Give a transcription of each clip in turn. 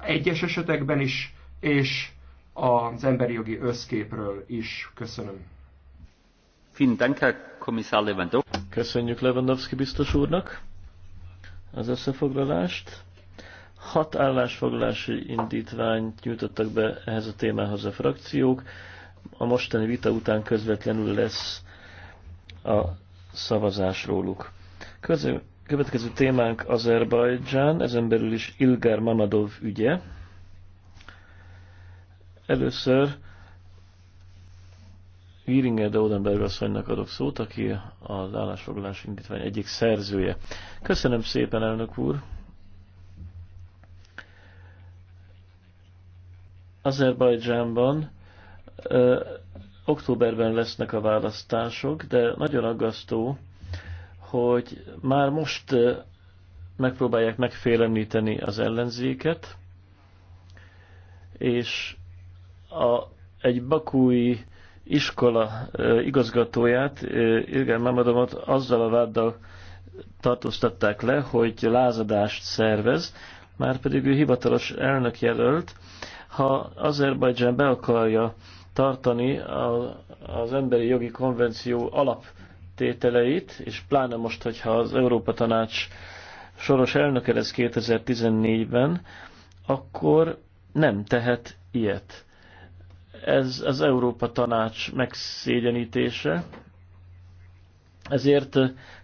egyes esetekben is, és az emberi jogi összképről is. Köszönöm. Köszönjük Lewandowski biztos úrnak az összefoglalást. Hat állásfoglalási indítványt nyújtottak be ehhez a témához a frakciók. A mostani vita után közvetlenül lesz a szavazás róluk. Közül Következő témánk Azerbajdzsán, ezen belül is Ilgar Mamadov ügye. Először Víringer de Odenberg asszonynak adok szót, aki az állásfoglalás indítvány egyik szerzője. Köszönöm szépen, elnök úr! Azerbajdzsánban ö, októberben lesznek a választások, de nagyon aggasztó, hogy már most megpróbálják megfélemlíteni az ellenzéket, és a, egy bakúi iskola igazgatóját, Irgen Mamadomot azzal a váddal tartóztatták le, hogy lázadást szervez, már pedig ő hivatalos elnök jelölt. Ha Azerbajdzsán be akarja tartani az emberi jogi konvenció alap tételeit, és pláne most, hogyha az Európa Tanács soros elnöke lesz 2014-ben, akkor nem tehet ilyet. Ez az Európa Tanács megszégyenítése, ezért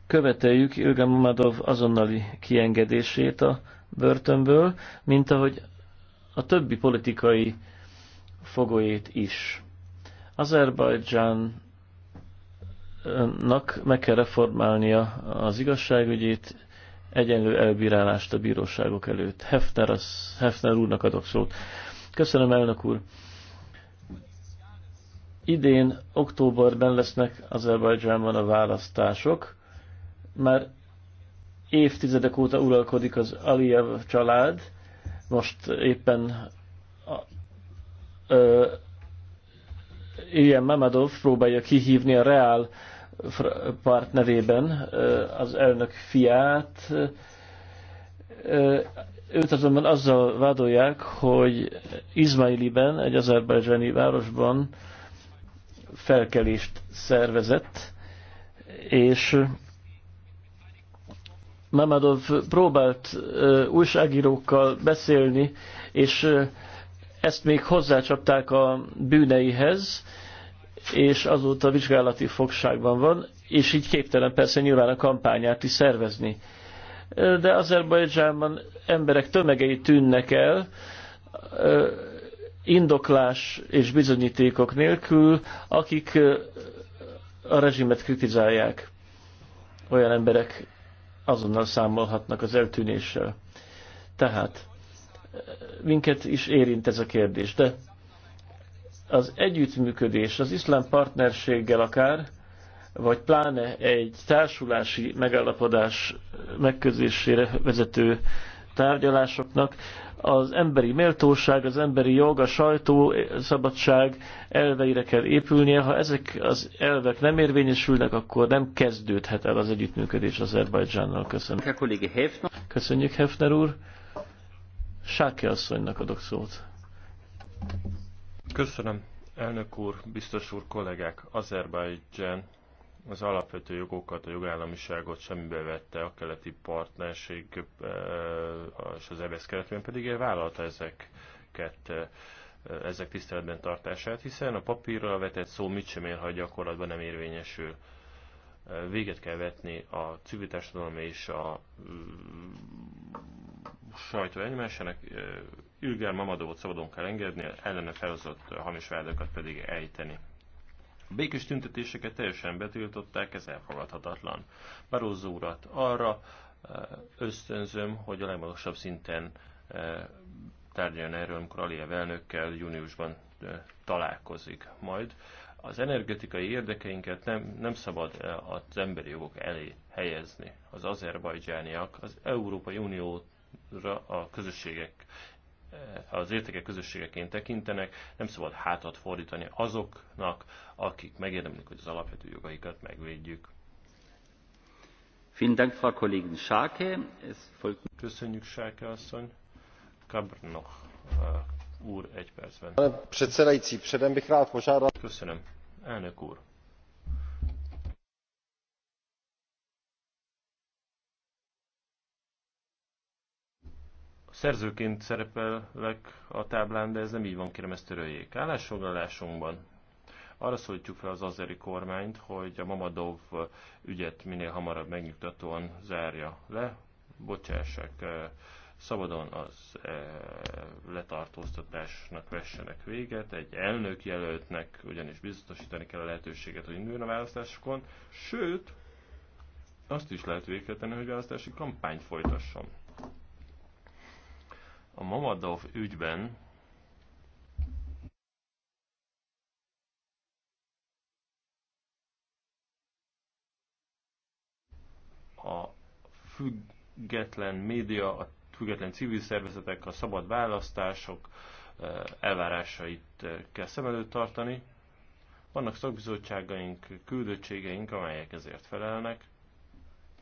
követeljük Ilgen Mamadov azonnali kiengedését a börtönből, mint ahogy a többi politikai fogójét is. Azerbajdzsán nak meg kell reformálnia az igazságügyét, egyenlő elbírálást a bíróságok előtt. Hefner, az, Hefner úrnak adok szót. Köszönöm, elnök úr. Idén, októberben lesznek Azerbajdzsánban a választások. Már évtizedek óta uralkodik az Aliyev család. Most éppen a, ö, Ilyen Mamadov próbálja kihívni a Reál párt nevében az elnök fiát. Őt azonban azzal vádolják, hogy Izmailiben, egy azerbajdzsáni városban felkelést szervezett, és Mamadov próbált újságírókkal beszélni, és ezt még hozzácsapták a bűneihez, és azóta vizsgálati fogságban van, és így képtelen persze nyilván a kampányát is szervezni. De Azerbajdzsánban emberek tömegei tűnnek el, indoklás és bizonyítékok nélkül, akik a rezsimet kritizálják. Olyan emberek azonnal számolhatnak az eltűnéssel. Tehát minket is érint ez a kérdés, de az együttműködés az iszlám partnerséggel akár, vagy pláne egy társulási megállapodás megközésére vezető tárgyalásoknak az emberi méltóság, az emberi jog, a sajtó, a szabadság elveire kell épülnie. Ha ezek az elvek nem érvényesülnek, akkor nem kezdődhet el az együttműködés Azerbajdzsánnal. Köszönöm. Köszönjük, Hefner úr. Sáki asszonynak adok szót. Köszönöm, elnök úr, biztos úr, kollégák. Azerbajdzsán az alapvető jogokat, a jogállamiságot semmibe vette a keleti partnerség eh, és az EBSZ e keretében pedig vállalta ezeket eh, ezek tiszteletben tartását, hiszen a papírra vetett szó mit sem ér, ha gyakorlatban nem érvényesül. Eh, véget kell vetni a civil társadalom és a mm, sajtó egymásának, Ülger Mamadovot szabadon kell engedni, ellene felhozott hamis vádokat pedig ejteni. A békés tüntetéseket teljesen betiltották, ez elfogadhatatlan. Barózó urat arra ösztönzöm, hogy a legmagasabb szinten tárgyaljon erről, amikor Aliyev elnökkel júniusban találkozik majd. Az energetikai érdekeinket nem, nem szabad az emberi jogok elé helyezni. Az azerbajdzsániak az Európai Uniót a közösségek az értékek közösségeként tekintenek, nem szabad hátat fordítani azoknak, akik megérdemlik, hogy az alapvető jogaikat megvédjük. Köszönjük, Sáke asszony. Kabrnoch uh, úr, egy percben. Předsedající, předem bych rád požádal. Köszönöm, elnök úr. Szerzőként szerepelek a táblán, de ez nem így van, kérem ezt töröljék. Állásfoglalásunkban arra szólítjuk fel az azeri kormányt, hogy a Mamadov ügyet minél hamarabb megnyugtatóan zárja le, bocsássák eh, szabadon az eh, letartóztatásnak vessenek véget, egy elnök jelöltnek ugyanis biztosítani kell a lehetőséget, hogy induljon a választásokon, sőt, azt is lehet végkelteni, hogy választási kampányt folytasson. A Mamadov ügyben a független média, a független civil szervezetek, a szabad választások eh, elvárásait eh, kell szem előtt tartani. Vannak szakbizottságaink, küldöttségeink, amelyek ezért felelnek,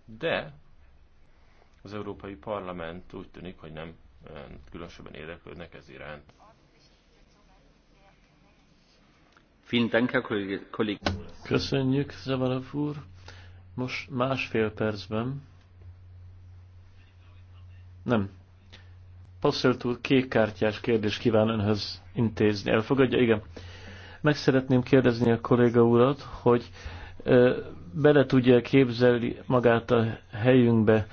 de az Európai Parlament úgy tűnik, hogy nem különösebben érdeklődnek ez iránt. Köszönjük, Zavarov úr. Most másfél percben. Nem. Passzelt úr kékkártyás kérdés kíván önhöz intézni. Elfogadja? Igen. Meg szeretném kérdezni a kolléga urat, hogy ö, bele tudja képzelni magát a helyünkbe,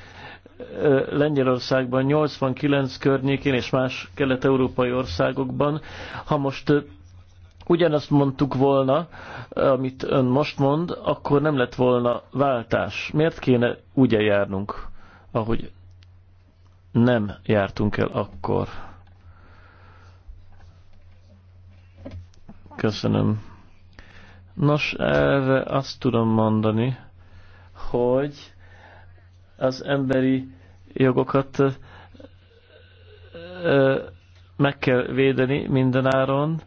Lengyelországban 89 környékén és más kelet-európai országokban. Ha most ugyanazt mondtuk volna, amit ön most mond, akkor nem lett volna váltás. Miért kéne úgy eljárnunk, ahogy nem jártunk el akkor? Köszönöm. Nos, erre azt tudom mondani, hogy az emberi jogokat meg kell védeni mindenáron,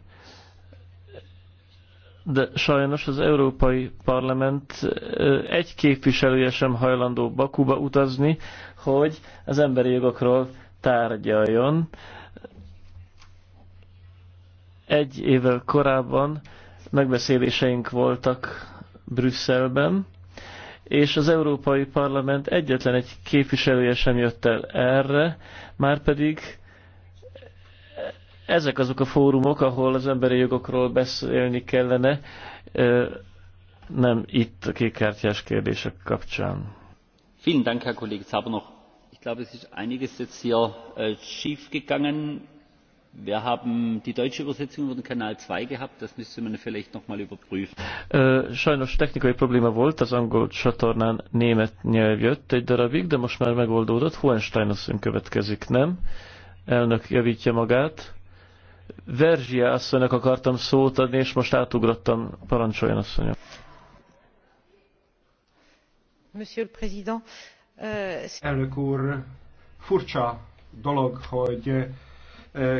de sajnos az Európai Parlament egy képviselője sem hajlandó Bakuba utazni, hogy az emberi jogokról tárgyaljon. Egy évvel korábban megbeszéléseink voltak Brüsszelben, és az Európai Parlament egyetlen egy képviselője sem jött el erre, már pedig ezek azok a fórumok, ahol az emberi jogokról beszélni kellene, nem itt a kékkártyás kérdések kapcsán. Vielen Dank, Herr Kollege Zabernoch. Ich glaube, es ist einiges jetzt hier äh, schiefgegangen. Wir haben die deutsche Übersetzung über den Kanal 2 gehabt, das müsste man vielleicht nochmal überprüfen. sajnos technikai probléma volt, az angol csatornán német nyelv jött egy darabig, de most már megoldódott. Hohenstein asszony következik, nem? Elnök javítja magát. Verzsia asszonynak akartam szót adni, és most átugrottam. Parancsoljon asszonya. Monsieur le Président. Uh... Elnök úr, furcsa dolog, hogy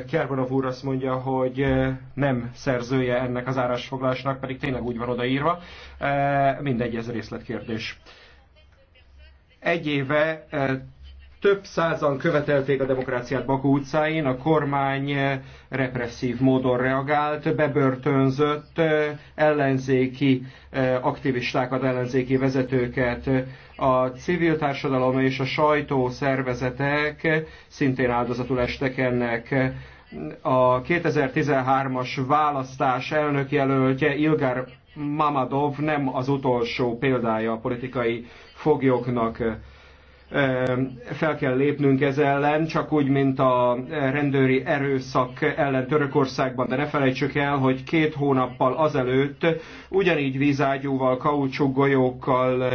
Kerbanov úr azt mondja, hogy nem szerzője ennek az árásfoglásnak, pedig tényleg úgy van odaírva. Mindegy, ez részletkérdés. Egy éve több százan követelték a demokráciát Bakú utcáin, a kormány eh, represszív módon reagált, bebörtönzött eh, ellenzéki eh, aktivistákat, ellenzéki vezetőket. A civil társadalom és a sajtó szervezetek szintén áldozatul estek ennek a 2013-as választás elnökjelöltje Ilgar Mamadov nem az utolsó példája a politikai foglyoknak fel kell lépnünk ez ellen, csak úgy, mint a rendőri erőszak ellen Törökországban, de ne felejtsük el, hogy két hónappal azelőtt ugyanígy vízágyúval, kaucsuk golyókkal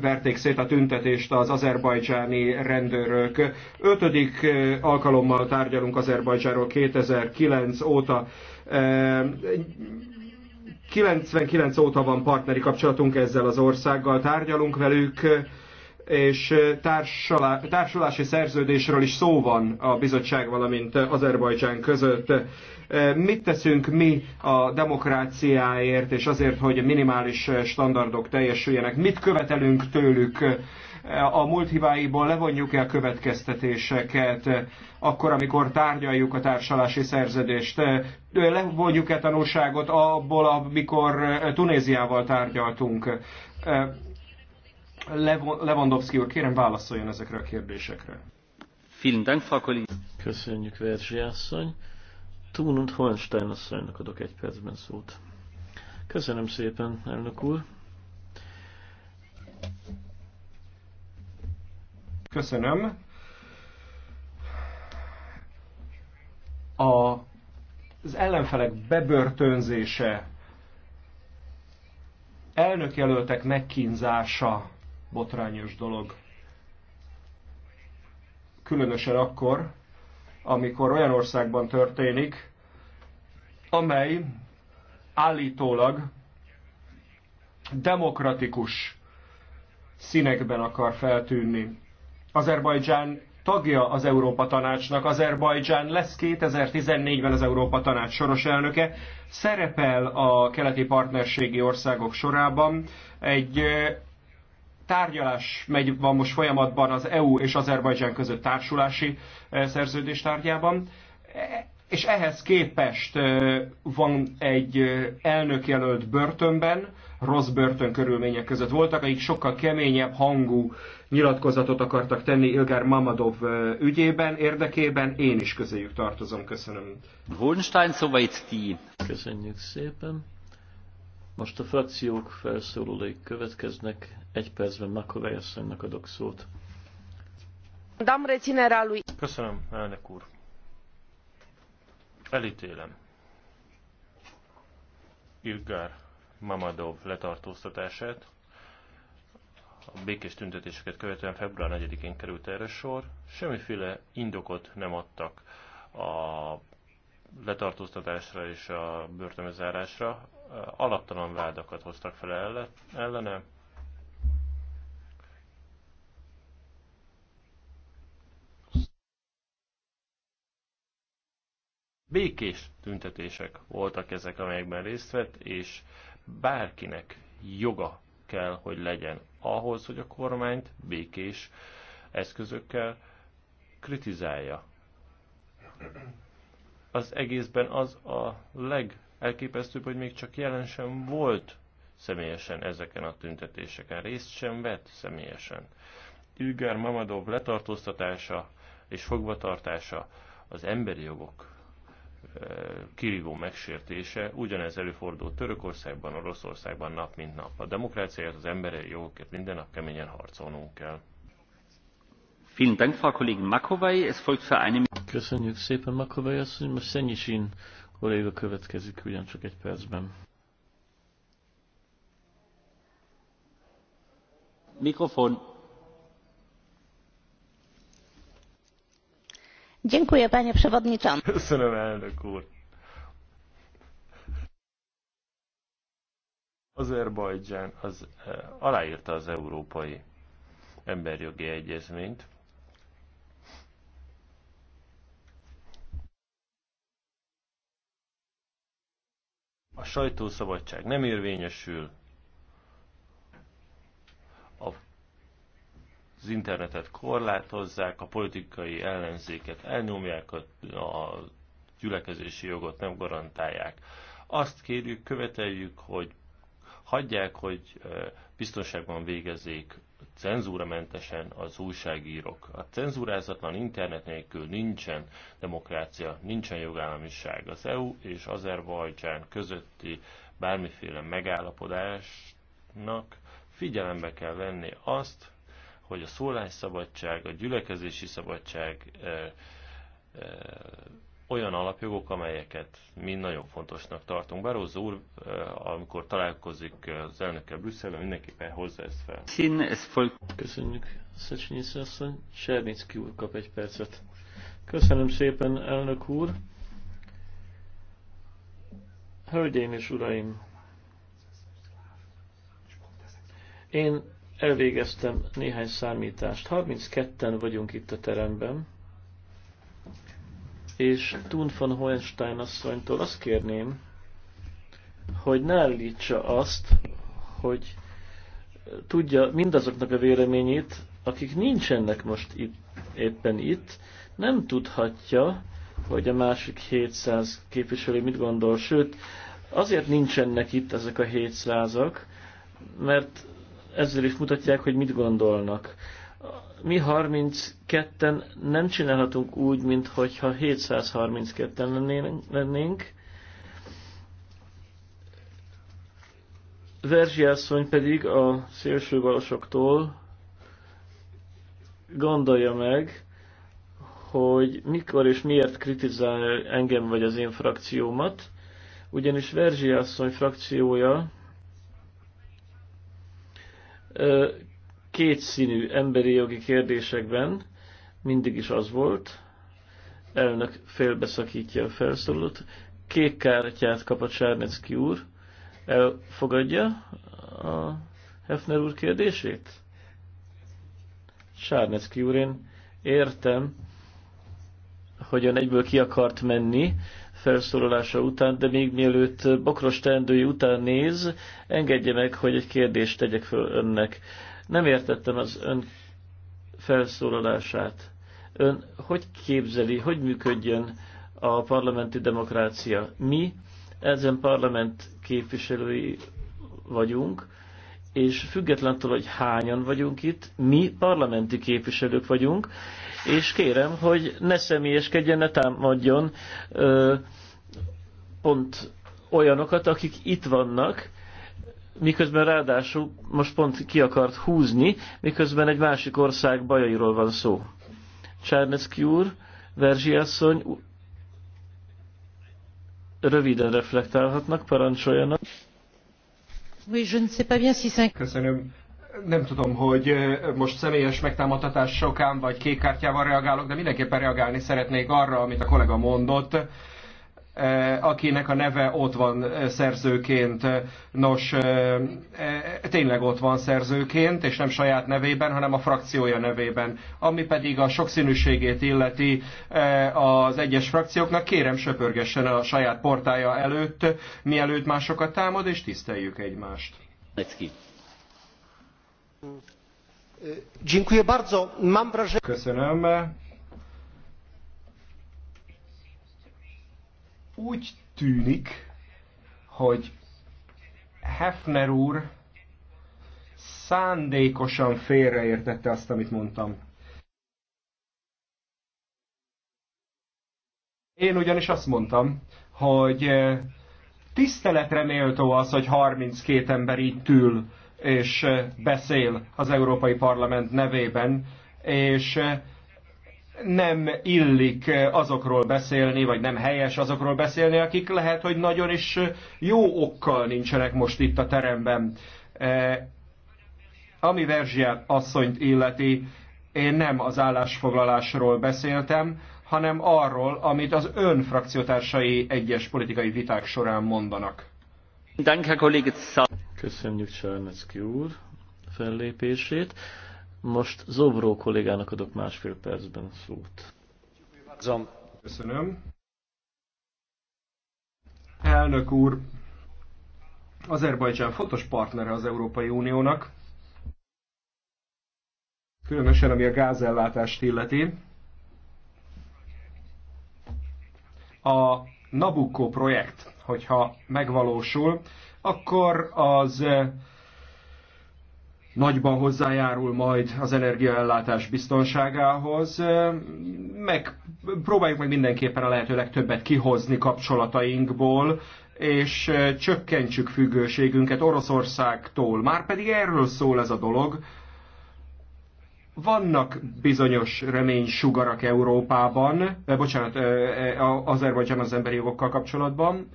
verték szét a tüntetést az azerbajdzsáni rendőrök. Ötödik alkalommal tárgyalunk Azerbajdzsáról 2009 óta. 99 óta van partneri kapcsolatunk ezzel az országgal, tárgyalunk velük, és társulási szerződésről is szó van a bizottság, valamint Azerbajdzsán között. Mit teszünk mi a demokráciáért, és azért, hogy minimális standardok teljesüljenek? Mit követelünk tőlük? a múlt hibáiból levonjuk-e a következtetéseket, akkor, amikor tárgyaljuk a társalási szerződést, levonjuk-e tanulságot abból, amikor Tunéziával tárgyaltunk. Lewandowski úr, kérem válaszoljon ezekre a kérdésekre. Köszönjük, Verzsi asszony. Túlund Holstein asszonynak adok egy percben szót. Köszönöm szépen, elnök úr. Köszönöm. A, az ellenfelek bebörtönzése, elnökjelöltek megkínzása, botrányos dolog. Különösen akkor, amikor olyan országban történik, amely állítólag demokratikus színekben akar feltűnni. Azerbajdzsán tagja az Európa Tanácsnak, Azerbajdzsán lesz 2014-ben az Európa Tanács soros elnöke, szerepel a keleti partnerségi országok sorában, egy tárgyalás megy, van most folyamatban az EU és Azerbajdzsán között társulási e, szerződés tárgyában, e, és ehhez képest e, van egy jelölt börtönben, rossz börtön körülmények között voltak, akik sokkal keményebb hangú nyilatkozatot akartak tenni Ilgár Mamadov ügyében, érdekében. Én is közéjük tartozom. Köszönöm. Hohenstein, szóval itt Köszönjük szépen. Most a frakciók felszólalói következnek. Egy percben Makovály asszonynak adok szót. Köszönöm, elnök úr. Elítélem. Ilgár Mamadov letartóztatását. A békés tüntetéseket követően február 4-én került erre sor. Semmiféle indokot nem adtak a letartóztatásra és a börtönzárásra alaptalan vádakat hoztak fel ellene. Békés tüntetések voltak ezek, amelyekben részt vett, és bárkinek joga kell, hogy legyen ahhoz, hogy a kormányt békés eszközökkel kritizálja az egészben az a legelképesztőbb, hogy még csak jelen sem volt személyesen ezeken a tüntetéseken, részt sem vett személyesen. Ilgár Mamadov letartóztatása és fogvatartása az emberi jogok kirívó megsértése, ugyanez előfordul Törökországban, Oroszországban nap mint nap. A demokráciáért, az emberi jogokért minden nap keményen harcolnunk kell. Köszönjük szépen, Makovai asszony. Most Szennyisin kolléga következik ugyancsak egy percben. Mikrofon. Dziękuję, panie przewodniczący. Köszönöm, elnök úr. Azerbajdzsán az, eh, aláírta az Európai Emberjogi Egyezményt, a sajtószabadság nem érvényesül, az internetet korlátozzák, a politikai ellenzéket elnyomják, a, a gyülekezési jogot nem garantálják. Azt kérjük, követeljük, hogy hagyják, hogy eh, biztonságban végezzék cenzúramentesen az újságírók. A cenzúrázatlan internet nélkül nincsen demokrácia, nincsen jogállamiság. Az EU és Azerbajdzsán közötti bármiféle megállapodásnak figyelembe kell venni azt, hogy a szólásszabadság, a gyülekezési szabadság eh, eh, olyan alapjogok, amelyeket mi nagyon fontosnak tartunk. Barroso úr, eh, amikor találkozik az elnökkel Brüsszelben, mindenképpen hozza ezt fel. Köszönjük, Szecsinyi asszony. Sernicki úr kap egy percet. Köszönöm szépen, elnök úr. Hölgyeim és uraim, én elvégeztem néhány számítást. 32-en vagyunk itt a teremben és Thun von Hohenstein asszonytól azt kérném, hogy ne állítsa azt, hogy tudja mindazoknak a véleményét, akik nincsenek most itt, éppen itt, nem tudhatja, hogy a másik 700 képviselő mit gondol, sőt, azért nincsenek itt ezek a 700-ak, mert ezzel is mutatják, hogy mit gondolnak mi 32-en nem csinálhatunk úgy, mint hogyha 732-en lennénk. asszony pedig a szélsőbalosoktól gondolja meg, hogy mikor és miért kritizál engem vagy az én frakciómat, ugyanis Verzsi asszony frakciója kétszínű emberi jogi kérdésekben mindig is az volt, elnök félbeszakítja a felszólalót, kék kártyát kap a Csárnecki úr, elfogadja a Hefner úr kérdését? Csárnecki úr, én értem, hogyan egyből ki akart menni felszólalása után, de még mielőtt bokros teendői után néz, engedje meg, hogy egy kérdést tegyek föl önnek. Nem értettem az ön felszólalását. Ön hogy képzeli, hogy működjön a parlamenti demokrácia? Mi ezen parlament képviselői vagyunk, és függetlentől, hogy hányan vagyunk itt, mi parlamenti képviselők vagyunk, és kérem, hogy ne személyeskedjen, ne támadjon ö, pont olyanokat, akik itt vannak, miközben ráadásul most pont ki akart húzni, miközben egy másik ország bajairól van szó. Csárneszki úr, Verzsi asszony, röviden reflektálhatnak, parancsoljanak. Köszönöm. Nem tudom, hogy eh, most személyes megtámadtatás sokán vagy kék kártyával reagálok, de mindenképpen reagálni szeretnék arra, amit a kollega mondott Eh, akinek a neve ott van eh, szerzőként, eh, nos, tényleg ott van szerzőként, és nem saját nevében, hanem a frakciója nevében. Ami pedig a sokszínűségét illeti az egyes frakcióknak, kérem söpörgessen a saját portája előtt, mielőtt másokat támad, és tiszteljük egymást. Köszönöm. Úgy tűnik, hogy Hefner úr szándékosan félreértette azt, amit mondtam. Én ugyanis azt mondtam, hogy eh, tiszteletre méltó az, hogy 32 ember itt ül és eh, beszél az Európai Parlament nevében, és eh, nem illik azokról beszélni, vagy nem helyes azokról beszélni, akik lehet, hogy nagyon is jó okkal nincsenek most itt a teremben. E, ami Verzsiát asszonyt illeti, én nem az állásfoglalásról beszéltem, hanem arról, amit az ön frakciótársai egyes politikai viták során mondanak. Köszönjük Sárnecki úr fellépését. Most Zobró kollégának adok másfél percben szót. Köszönöm. Elnök úr, Azerbajdzsán fontos partnere az Európai Uniónak, különösen ami a gázellátást illeti. A Nabucco projekt, hogyha megvalósul, akkor az nagyban hozzájárul majd az energiaellátás biztonságához. Meg próbáljuk meg mindenképpen a lehető legtöbbet kihozni kapcsolatainkból, és csökkentsük függőségünket Oroszországtól. Már pedig erről szól ez a dolog. Vannak bizonyos reménysugarak Európában, eh, bocsánat, eh, eh, Azerbajdzsán az emberi jogokkal kapcsolatban.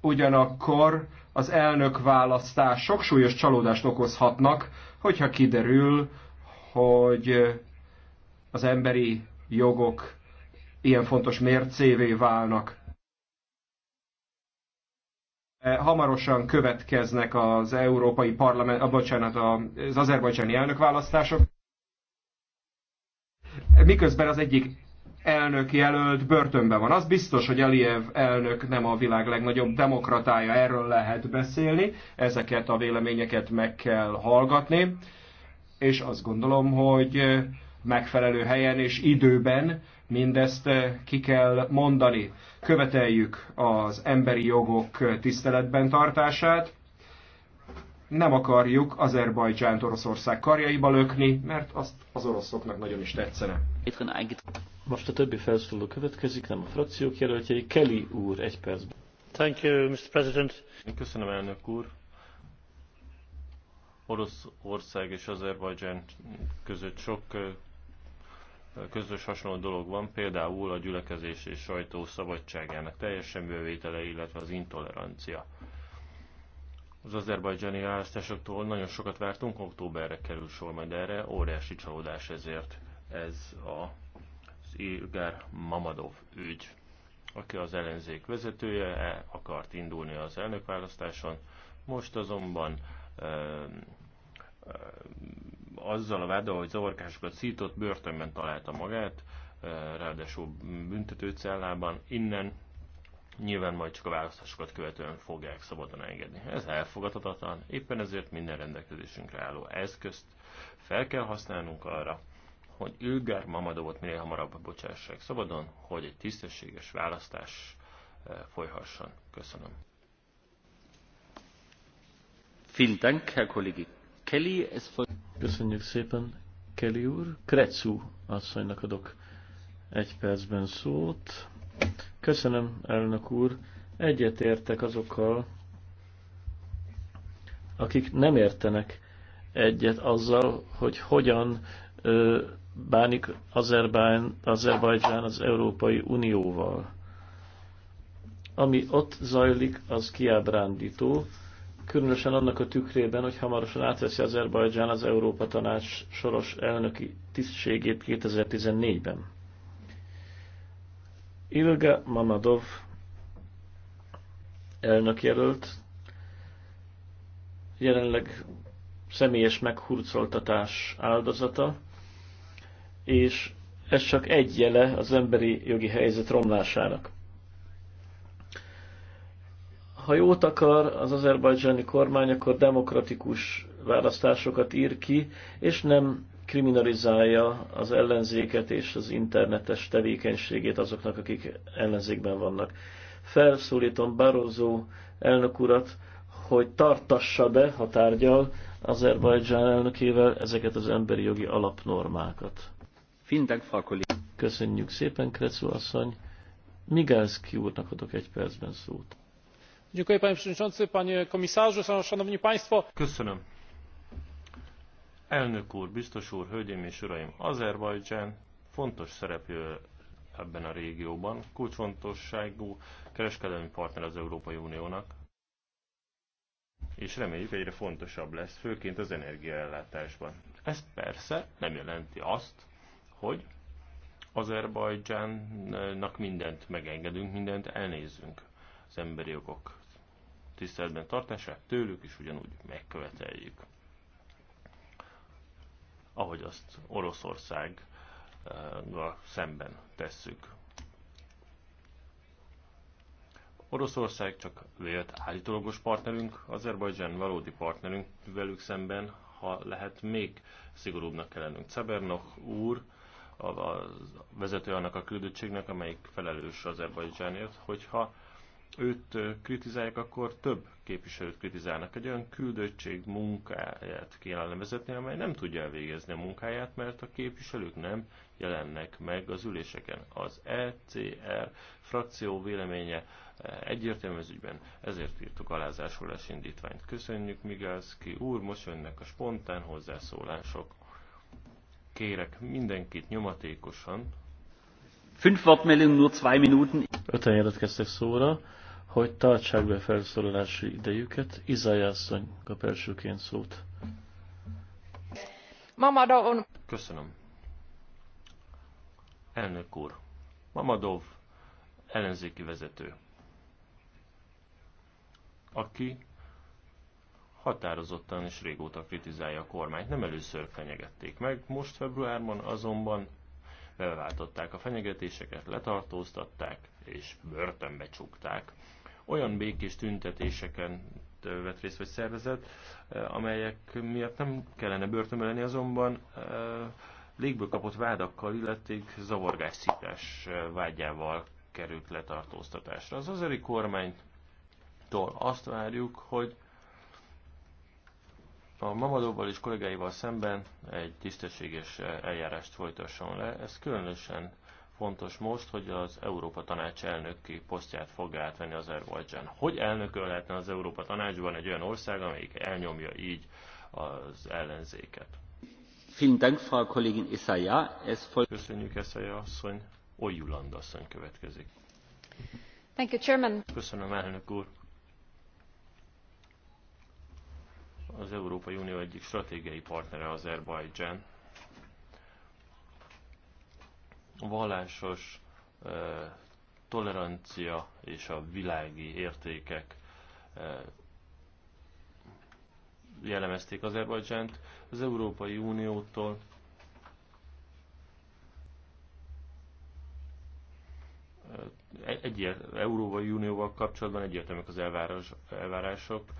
Ugyanakkor az elnök választások súlyos csalódást okozhatnak, hogyha kiderül, hogy az emberi jogok ilyen fontos mércévé válnak. Hamarosan következnek az európai parlament, a, ah, bocsánat, az azerbajdzsáni elnökválasztások. Miközben az egyik elnök jelölt börtönben van. Az biztos, hogy Aliyev elnök nem a világ legnagyobb demokratája, erről lehet beszélni, ezeket a véleményeket meg kell hallgatni, és azt gondolom, hogy eh, megfelelő helyen és időben mindezt eh, ki kell mondani. Követeljük az emberi jogok eh, tiszteletben tartását, nem akarjuk Azerbajdzsánt Oroszország karjaiba lökni, mert azt az oroszoknak nagyon is tetszene. Most a többi felszóló következik, nem a frakciók jelöltjei. Kelly úr, egy percben. Thank you, Mr. President. Köszönöm, elnök úr. Oroszország és Azerbajdzsán között sok közös hasonló dolog van, például a gyülekezés és sajtó szabadságának teljesen bővétele, illetve az intolerancia. Az azerbajdzsáni választásoktól nagyon sokat vártunk, októberre kerül sor majd erre, óriási csalódás ezért ez a, az Mamadov ügy, aki az ellenzék vezetője, el akart indulni az elnökválasztáson, most azonban ö, e, ö, e, azzal a váddal, hogy zavarkásokat szított, börtönben találta magát, e, ráadásul büntetőcellában, innen nyilván majd csak a választásokat követően fogják szabadon engedni. Ez elfogadhatatlan, éppen ezért minden rendelkezésünkre álló eszközt fel kell használnunk arra, hogy Ülgár Mamadovot minél hamarabb bocsássák szabadon, hogy egy tisztességes választás eh, folyhasson. Köszönöm. Köszönjük szépen, Kelly úr. Kretszú asszonynak adok egy percben szót. Köszönöm, elnök úr. Egyetértek azokkal, akik nem értenek egyet azzal, hogy hogyan ö, bánik Azerbajdzsán Azerbajdzsán az Európai Unióval. Ami ott zajlik, az kiábrándító, különösen annak a tükrében, hogy hamarosan átveszi Azerbajdzsán az Európa Tanács soros elnöki tisztségét 2014-ben. Ilga Mamadov elnökjelölt jelenleg személyes meghurcoltatás áldozata, és ez csak egy jele az emberi jogi helyzet romlásának. Ha jót akar az azerbajdzsáni kormány, akkor demokratikus választásokat ír ki, és nem kriminalizálja az ellenzéket és az internetes tevékenységét azoknak, akik ellenzékben vannak. Felszólítom Barroso elnök urat, hogy tartassa be, ha tárgyal, Azerbajdzsán elnökével ezeket az emberi jogi alapnormákat. Köszönjük szépen, Krecu asszony. Migelszki úrnak adok egy percben szót. Köszönöm. Elnök úr, biztos úr, hölgyeim és uraim! Azerbajdzsán fontos szereplő ebben a régióban, kulcsfontosságú kereskedelmi partner az Európai Uniónak, és reméljük egyre fontosabb lesz, főként az energiaellátásban. Ez persze nem jelenti azt, hogy Azerbajdzsánnak mindent megengedünk, mindent elnézzünk az emberi jogok tiszteletben tartását, tőlük is ugyanúgy megköveteljük. Ahogy azt Oroszország szemben tesszük. Oroszország csak vélt állítólagos partnerünk, Azerbajdzsán valódi partnerünk, velük szemben, ha lehet, még szigorúbbnak kell lennünk. Cebernok úr a, a vezető annak a küldöttségnek, amelyik felelős az Erbajdzsánért, hogyha őt kritizálják, akkor több képviselőt kritizálnak. Egy olyan küldöttség munkáját kéne levezetni, amely nem tudja elvégezni a munkáját, mert a képviselők nem jelennek meg az üléseken. Az ECR frakció véleménye e, egyértelmű az ügyben, ezért írtuk alázásolás indítványt. Köszönjük, Migalszki úr, most jönnek a spontán hozzászólások kérek mindenkit nyomatékosan. Fünf Wortmeldung, nur zwei Minuten. Öten jelentkeztek szóra, hogy tartsák be felszólalási idejüket. Izaja asszony kap elsőként szót. Mamadov. Köszönöm. Elnök úr. Mamadov ellenzéki vezető, aki határozottan és régóta kritizálja a kormányt. Nem először fenyegették meg, most februárban azonban beváltották a fenyegetéseket, letartóztatták és börtönbe csukták. Olyan békés tüntetéseken vett részt vagy szervezet, amelyek miatt nem kellene börtönbe lenni, azonban légből kapott vádakkal, illették zavargásszítás vágyával került letartóztatásra. Az azeri kormánytól azt várjuk, hogy a Mamadóval és kollégáival szemben egy tisztességes eljárást folytasson le. Ez különösen fontos most, hogy az Európa Tanács elnöki posztját fogja átvenni Azerbajdzsán. Hogy lehetne az Európa Tanácsban egy olyan ország, amelyik elnyomja így az ellenzéket? Köszönjük, Eszája asszony. Ojuland asszony következik. Thank you, Chairman. Köszönöm, elnök úr. az Európai Unió egyik stratégiai partnere Azerbajdzsán. Vallásos tolerancia és a világi értékek jellemezték Azerbajdzsánt. Az Európai Uniótól egyért, Európai Unióval kapcsolatban egyértelműek az elvárás, elvárások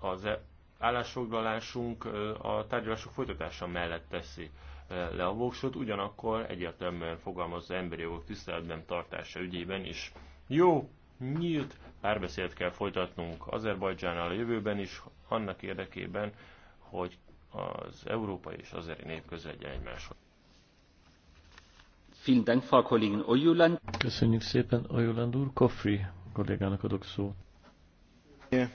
az e- állásfoglalásunk a tárgyalások folytatása mellett teszi le a voksot, ugyanakkor egyértelműen fogalmazza emberi jogok tiszteletben tartása ügyében is. Jó, nyílt párbeszédet kell folytatnunk Azerbajdzsánnal a jövőben is, annak érdekében, hogy az európai és azeri nép közlegyen egymáshoz. Köszönjük szépen, Ojuland úr. Koffri kollégának adok szót. Yeah.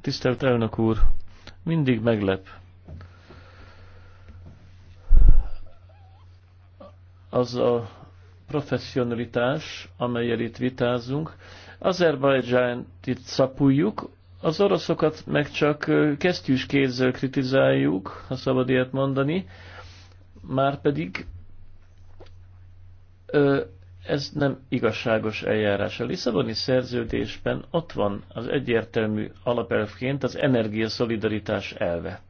Tisztelt elnök úr! Mindig meglep az a professzionalitás, amelyel itt vitázunk. Azerbajdzsánt itt szapuljuk, az oroszokat meg csak kesztyűs kézzel kritizáljuk, ha szabad ilyet mondani, már pedig ez nem igazságos eljárás. A Lisszaboni szerződésben ott van az egyértelmű alapelvként az energiaszolidaritás elve.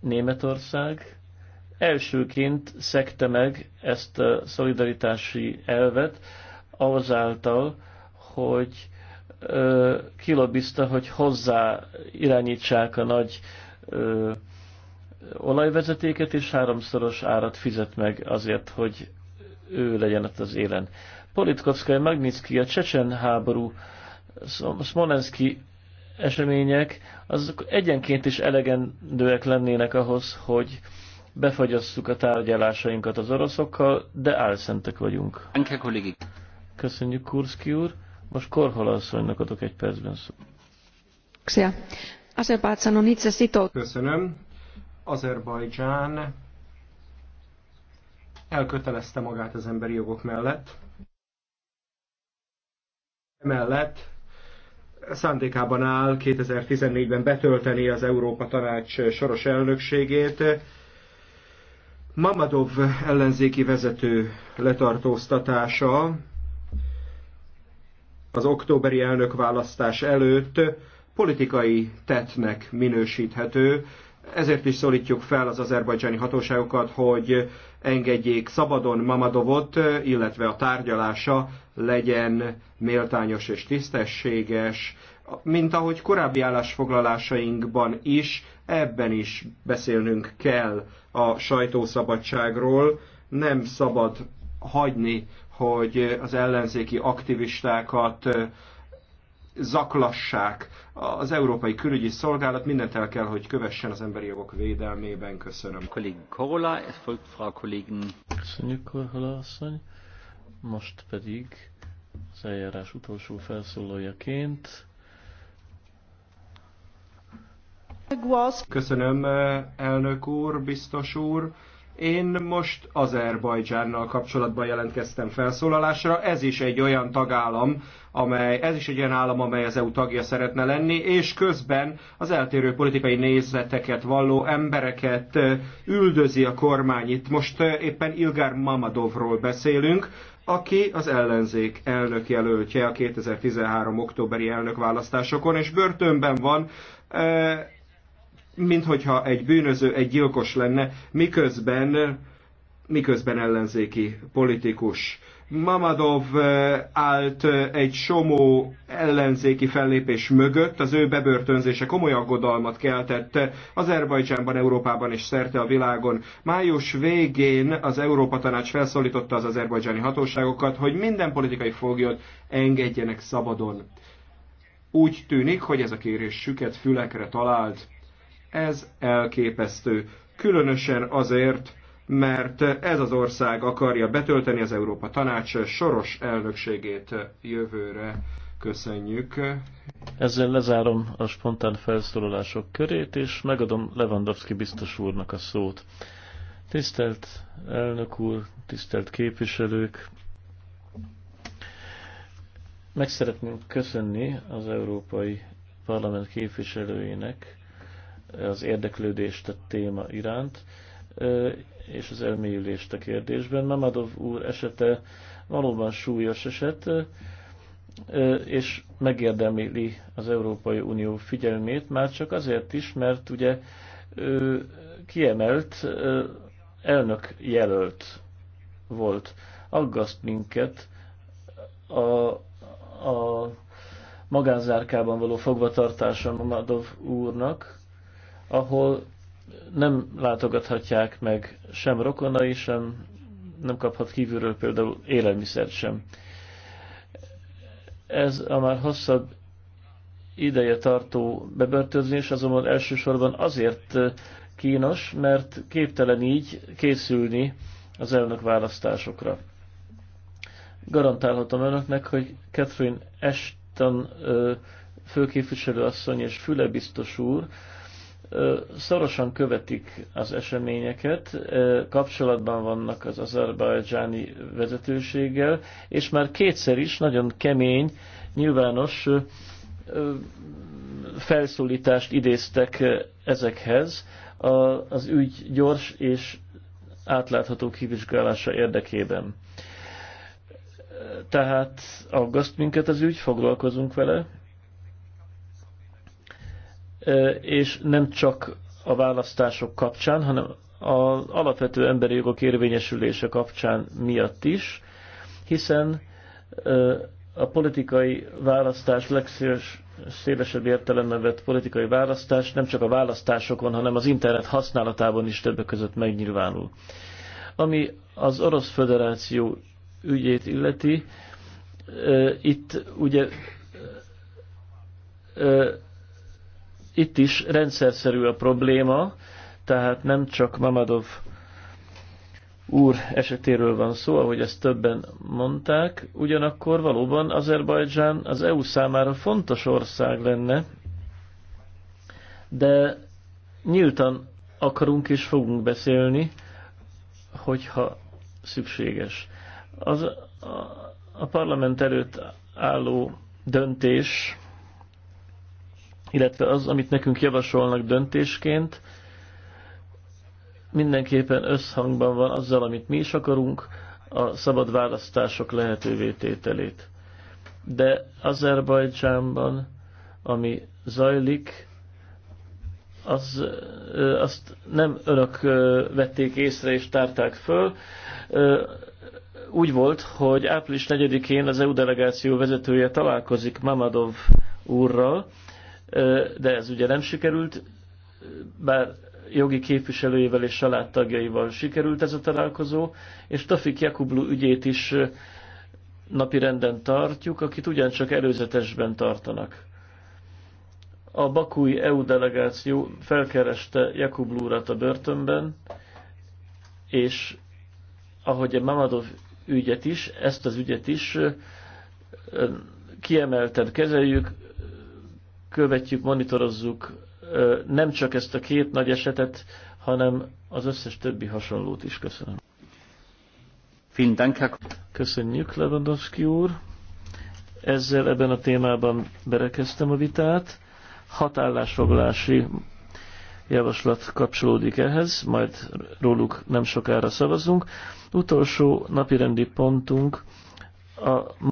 Németország elsőként szekte meg ezt a szolidaritási elvet azáltal, hogy ö, kilobizta, hogy hozzá irányítsák a nagy ö, olajvezetéket, és háromszoros árat fizet meg azért, hogy ő legyen ott az élen. Politkovszkai, Magnitsky, a Csecsen háború, Smolenski események, azok egyenként is elegendőek lennének ahhoz, hogy befagyasszuk a tárgyalásainkat az oroszokkal, de álszentek vagyunk. Köszönjük, Kurszki úr. Most Korhola asszonynak adok egy percben szó. Köszönöm. Azerbajdzsán elkötelezte magát az emberi jogok mellett. Emellett szándékában áll 2014-ben betölteni az Európa Tanács soros elnökségét. Mamadov ellenzéki vezető letartóztatása az októberi elnökválasztás előtt politikai tetnek minősíthető, ezért is szólítjuk fel az azerbajdzsáni hatóságokat, hogy engedjék szabadon Mamadovot, illetve a tárgyalása legyen méltányos és tisztességes, mint ahogy korábbi állásfoglalásainkban is, ebben is beszélnünk kell a sajtószabadságról. Nem szabad hagyni, hogy az ellenzéki aktivistákat zaklassák. Az Európai Külügyi Szolgálat mindent el kell, hogy kövessen az emberi jogok védelmében. Köszönöm. Köszönjük, Korola asszony. Most pedig az eljárás utolsó felszólójaként Köszönöm, eh, elnök úr, biztos úr. Én most Azerbajdzsánnal kapcsolatban jelentkeztem felszólalásra. Ez is egy olyan tagállam, amely, ez is egy olyan állam, amely az EU tagja szeretne lenni, és közben az eltérő politikai nézeteket valló embereket üldözi a kormány. Itt most éppen Ilgár Mamadovról beszélünk, aki az ellenzék elnök jelöltje a 2013. októberi elnökválasztásokon, és börtönben van minthogyha egy bűnöző, egy gyilkos lenne, miközben, miközben ellenzéki politikus. Mamadov eh, állt eh, egy somó ellenzéki fellépés mögött, az ő bebörtönzése komoly aggodalmat keltette eh, Azerbajdzsánban, Európában és szerte a világon. Május végén az Európa Tanács felszólította az azerbajdzsáni hatóságokat, hogy minden politikai foglyot engedjenek szabadon. Úgy tűnik, hogy ez a kérés süket fülekre talált. Ez elképesztő. Különösen azért, mert ez az ország akarja betölteni az Európa Tanács soros elnökségét jövőre. Köszönjük. Ezzel lezárom a spontán felszólalások körét, és megadom Lewandowski biztos úrnak a szót. Tisztelt elnök úr, tisztelt képviselők, meg szeretném köszönni az Európai Parlament képviselőinek, az érdeklődést a téma iránt, és az elmélyülést a kérdésben. Mamadov úr esete valóban súlyos eset, és megérdemli az Európai Unió figyelmét, már csak azért is, mert ugye ő kiemelt elnök jelölt volt. Aggaszt minket a, a magánzárkában való fogvatartása Mamadov úrnak, ahol nem látogathatják meg sem rokonai, sem nem kaphat kívülről például élelmiszert sem. Ez a már hosszabb ideje tartó bebörtözés azonban elsősorban azért kínos, mert képtelen így készülni az elnök választásokra. Garantálhatom önöknek, hogy Catherine Ashton főképviselőasszony és Füle úr szorosan követik az eseményeket, kapcsolatban vannak az azerbajdzsáni vezetőséggel, és már kétszer is nagyon kemény, nyilvános felszólítást idéztek ezekhez az ügy gyors és átlátható kivizsgálása érdekében. Tehát aggaszt minket az ügy, foglalkozunk vele, és nem csak a választások kapcsán, hanem az alapvető emberi jogok érvényesülése kapcsán miatt is, hiszen a politikai választás, legszélesebb értelemben vett politikai választás nem csak a választásokon, hanem az internet használatában is többek között megnyilvánul. Ami az Orosz Föderáció ügyét illeti, itt ugye itt is rendszerszerű a probléma, tehát nem csak Mamadov úr esetéről van szó, ahogy ezt többen mondták, ugyanakkor valóban Azerbajdzsán az EU számára fontos ország lenne, de nyíltan akarunk és fogunk beszélni, hogyha szükséges. Az a, a parlament előtt álló döntés illetve az, amit nekünk javasolnak döntésként, mindenképpen összhangban van azzal, amit mi is akarunk, a szabad választások lehetővé tételét. De Azerbajdzsánban, ami zajlik, az, azt nem önök vették észre és tárták föl. Úgy volt, hogy április 4-én az EU delegáció vezetője találkozik Mamadov úrral, de ez ugye nem sikerült, bár jogi képviselőjével és családtagjaival sikerült ez a találkozó, és Tafik Jakublu ügyét is napi renden tartjuk, akit ugyancsak előzetesben tartanak. A Bakúi EU delegáció felkereste Jakublu urat a börtönben, és ahogy a Mamadov ügyet is, ezt az ügyet is kiemelten kezeljük, követjük, monitorozzuk nem csak ezt a két nagy esetet, hanem az összes többi hasonlót is. Köszönöm. Köszönjük, Lewandowski úr. Ezzel ebben a témában berekeztem a vitát. Hat javaslat kapcsolódik ehhez, majd róluk nem sokára szavazunk. Utolsó napirendi pontunk a